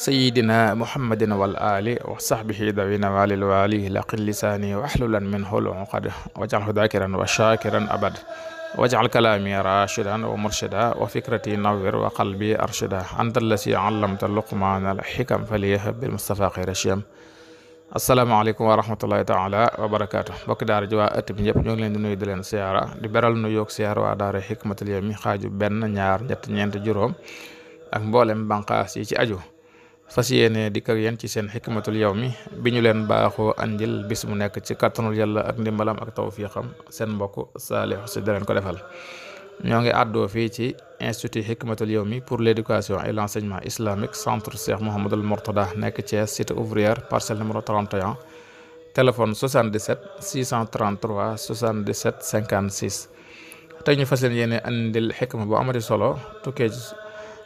sayidina muhammadin wal ali wa sahbihi dawina walil wali laqin lisaani waxlulan min hul uqad waj'alhu dakiran wa shakiran abad waj'al kalami rashidan wa murshida wa fikrati nawwir wa qalbi arshida anta allasi allamta luqmana al hikam faliyahab bil mustafa khayra shiyam asalaamaaleykum wa rahmatullahi taala wa barakaatu mbokki daara ji waa ëtt bi ñëpp ñoo ngi leen di nuyu di leen siyaara di beral nu yoog siyaara waa daara xikmatul yawmi xaaju benn ñaar ñett ñeent juróom ak mboolem banqaas yi ci aju fas yéene dikk ak yéen ci seen xikmatul yawmi bi ñu leen baaxoo andil bis mu nekk ci kàttanul yàlla ak ndimbalam ak tawfiqam seen mbokk Saliou Sy ko defal ñoo ngi àddoo fii ci institut xikmatul yawmi pour l'éducation et l'enseignement islamique centre Cheikh Mouhamadul Mourtada nekk Thiès cité ouvrière parcelle numéro 31 téléphone 77 633 77 56 tey ñu fas leen yéene andil xikma bu amati solo tukkee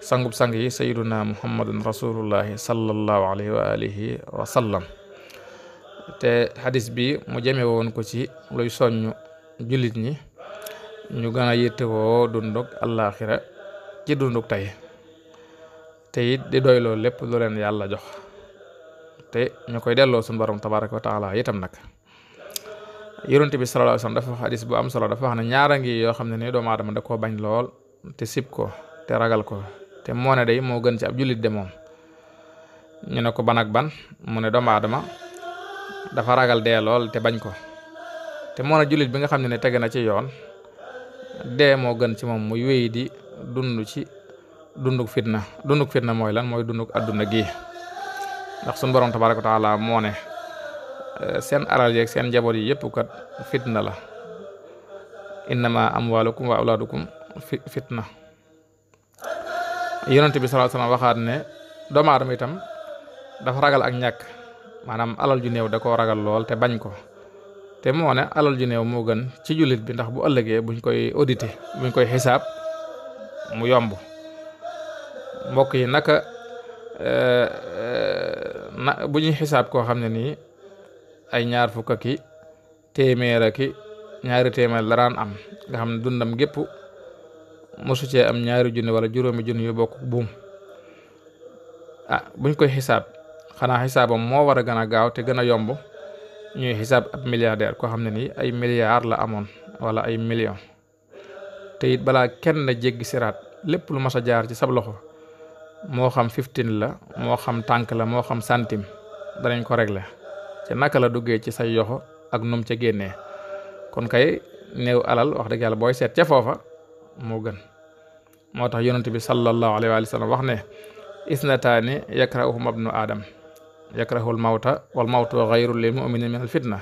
sangub sang yi sayyiduna muhammadun rasulullahi sallallahu alayhi wa alihi wa sallam te xadis bi mu jëme woon ko ci looy soññ jullit ñi ñu gën a yittewoo dundug àllaaxira ci dundug tey te it di doyloo lépp lu leen yàlla jox te ñu koy delloo suñu borom tabaraka wa taala itam nag yonent bi sallallahu alayhi dafa xadis bu am solo dafa wax ne ñaara ngi yoo xam ne ni doomu aadama da koo bañ lool te sib ko te ragal ko te moo ne day moo gën ci ab jullit de moom ñu ne ko ban ban mu ne doomu aadama dafa ragal dee lool te bañ ko te moo ne jullit bi nga xam ne ne tege na ci yoon dee moo gën ci moom muy wéy di dund ci dunduk fitna dunduk fitna mooy lan mooy dunduk adduna gi ndax suñu borom tabaaraka wa taala moo ne eh, seen alal yeeg seen njaboot yi yëpp kat fitna la innama amwalukum wa awlaadukum fitna yonent bi sallallahu alayhi wasallam waxaat ne doomu aadama itam dafa ragal ak ñàkk maanaam alal ju néew da koo ragal lool te bañ ko te moo ne alal ju néew moo gën ci jullit bi ndax bu ëllëgee buñ koy audité buñ koy xisaab mu yomb mbokk yi naka euh, na bu ñuy xisaab koo xam ne nii ay ñaar fukk ki téeméer ki ñaari téeméer la am nga xam ne dundam gépp mosu cee am ñaari junni wala juróomi junni yu bokk buum ah buñ koy xisaab xanaa xisaabam moo war a gën a gaaw te gën a yomb ñuy xisaab ab milliardaire koo xam ne nii ay milliards la amoon wala ay millions te it balaa kenn jéggi siraat lépp lu mas a jaar ci sab loxo moo xam fifteen la moo xam tànk la moo xam centime danañ ko régler ci naka la duggee ci say yoxo ak num ci génnee kon kay néew alal wax dëgg yàlla booy seet ca foofa. moo gën moo tax yonent bi sallallahu alayhi wa sallam wax ne isnataani yakrahuhuma ibnu aadam yakrahul mawta wal mawtu xayru lil mumini min al fitna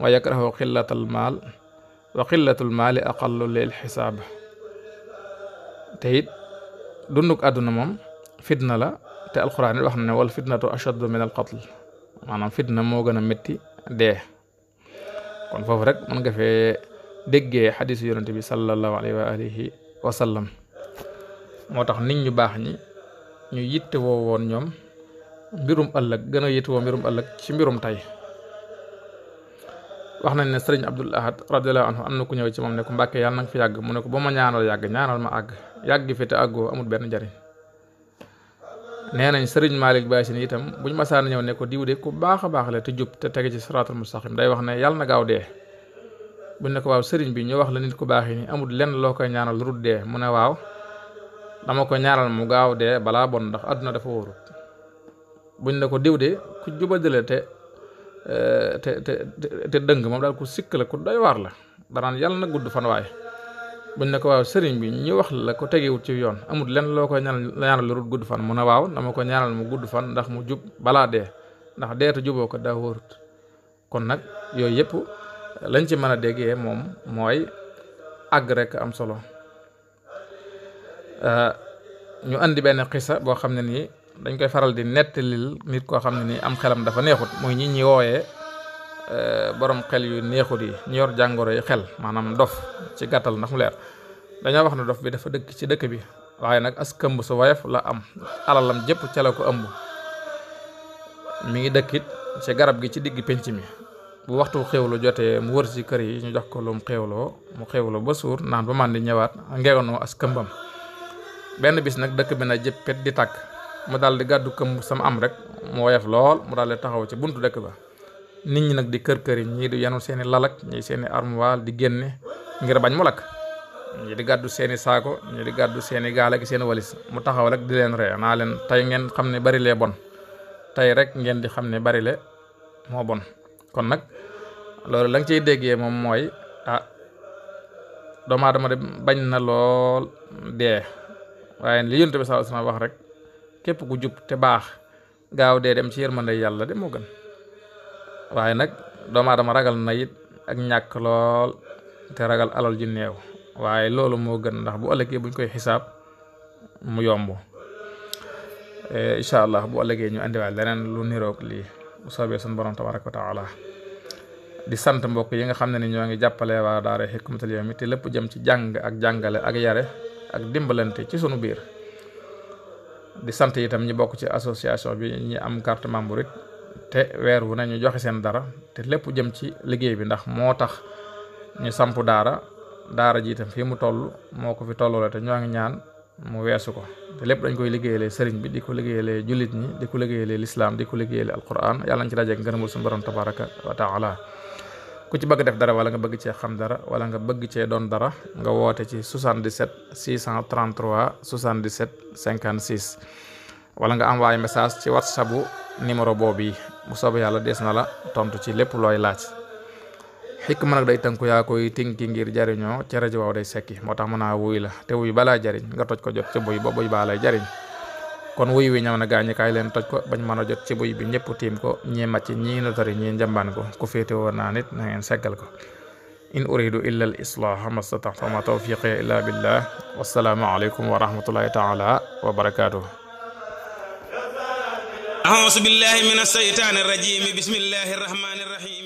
wa yakrahu xillatal maal aqallu lil xisaab te dunduk àdduna moom fitna la te alquran it wax na ne wal fitnatu ashaddu min al qatl maanaam fitna moo gën a métti dee kon foofu rek mën nga déggee xadisu yonente bi sallallahu alayhi wa wa sallam moo tax nit ñu baax ñi ñu yitte woo woon ñoom mbirum ëllëg gën a yitte woo mbirum ëllëg ci mbirum tey wax nañ ne sëriñ Abdul Ahad radiyallahu anhu am na ku ñëw ci moom ne ko yal yàlla fi yàgg mu ne ko ba ma ñaanal yàgg ñaanal ma àgg yàgg fi te àggoo amul benn njariñ nee nañ sëriñ Malick Baye si itam buñ masaan ñëw ne ko diw de ku baax a baax la te jub te tege ci siraatul mustaqim day wax ne yàlla na gaaw bu ne waaw sëriñ bi ñu wax la nit ku baax yi nii amul lenn loo koy dee mu ne waaw ko ñaanal mu gaaw dee balaa bon ndax àdduna dafa wóorut buñ ko diw de ku jubadale eh, te te te dëng moom daal ku sikk ku doy waar la danaan yàlla na gudd fan waaye ne ko waaw sëriñ bi ñu wax la ko tegewut ci yoon amul lenn loo koy ñaanal ñaanal lu dul gudd fan mu ne waaw dama ko ñaanal mu gudd fan ndax mu jub balaa dee ndax deetu juboo ko daa wóorut kon nag yooyu yëpp. lañ ci mën a déggee moom mooy àgg rek am solo euh, ñu indi benn xisa boo xam ne nii dañ koy faral di nettalil nit koo xam ne nii am xelam dafa neexut muy ñi ñi wooyee euh, borom xel yu neexut yi ñu yor jàngoro yi xel maanaam dof ci gàttal ndax mu leer dañoo wax ne dof bi dafa dëkk ci dëkk bi waaye nag as këmb su woyof la am alalam jëpp ca la ko ëmb mu ngi dëkkit ci garab gi ci digg pénc mi bu waxtu xewlu jotee mu wër si kër yi ñu jox ko lu mu xewloo mu xewloo ba suur naan ba man di ñëwaat ngeewanoo as këmbam benn bis nag dëkk bi na jëppet di tàkk mu daal di gàddu këmb sama am rek mu woyof lool mu daal di taxaw ci buntu dëkk ba nit ñi nag di kër kër yi ñii di yanu seeni lalak ñii seeni armoire di génne ngir bañ mu lakk ñii di gàddu seeni saako ñii di gàddu seeni gaal gi seeni walis mu taxaw rek di leen ree naa leen tey ngeen xam ne bari lee bon tey rek ngeen di xam ne bari le moo kon nag loolu la nga ciy déggee moom mooy ah doomu aadama de bañ na lool dee waaye li yonent bi sallallahu alayhi wasallam wax rek képp ku jub te baax gaaw dee dem ci yërmande yàlla de moo gën waaye nag doomu aadama ragal na it ak ñàkk lool te ragal alool ju néew waaye loolu moo gën ndax bu ëllëgee buñ koy xisaab mu yomb eh, incha allah bu ëllëgee ñu andiwaat leneen lu niroog lii bu soobee suñu borom tabaraka wa taala di sant mbokk yi nga xam ne ni ñoo ngi jàppale waa daara Hikmatul Yawmi te lépp jëm ci jàng ak jàngale ak yare ak dimbalante ci suñu biir di sant itam ñi bokk ci association bi ñi am carte membre it te weer wu ñu joxe seen dara te lépp jëm ci liggéey bi ndax moo tax ñu samp daara daara ji itam fii mu toll moo ko fi tolloo te ñoo ngi ñaan mu weesu ko te lépp dañ koy liggéeyalee sëriñ bi di ko liggéeyalee jullit ñi di ko liggéeyalee lislaam di ko liggéeyalee alquran yàlla nañ ci dajeek ngërëmul suñu borom tabaraka wa taala ku ci bëgg def dara wala nga bëgg cee xam dara wala nga bëgg cee doon dara nga woote ci 77 633 77 56 wala nga envoyé message ci whatsapp bu numéro boobu yi bu soobee yàlla des na la tontu ci lépp looy laaj. xikma nag day tënku yaa koy tinki ngir jariñoo ca rajo waaw day sekki moo tax mën naa wuy la te wuy balaa jariñ nga toj ko jot ci buy ba buy baa lay jariñ kon wuy wi ñëw na gaañi kaay leen toj ko bañ mën a jot ci buy bi ñëpp tiim ko ñi màcc ñii notari ñii njambaan ko ku féete woon naa nit na ngeen seggal ko in uridu illa al islah mastata fama tawfiqi illa billah wassalaamu aleykum wa rahmatullahi taala wa barakatuh أعوذ بالله من الشيطان الرجيم بسم الله الرحمن الرحيم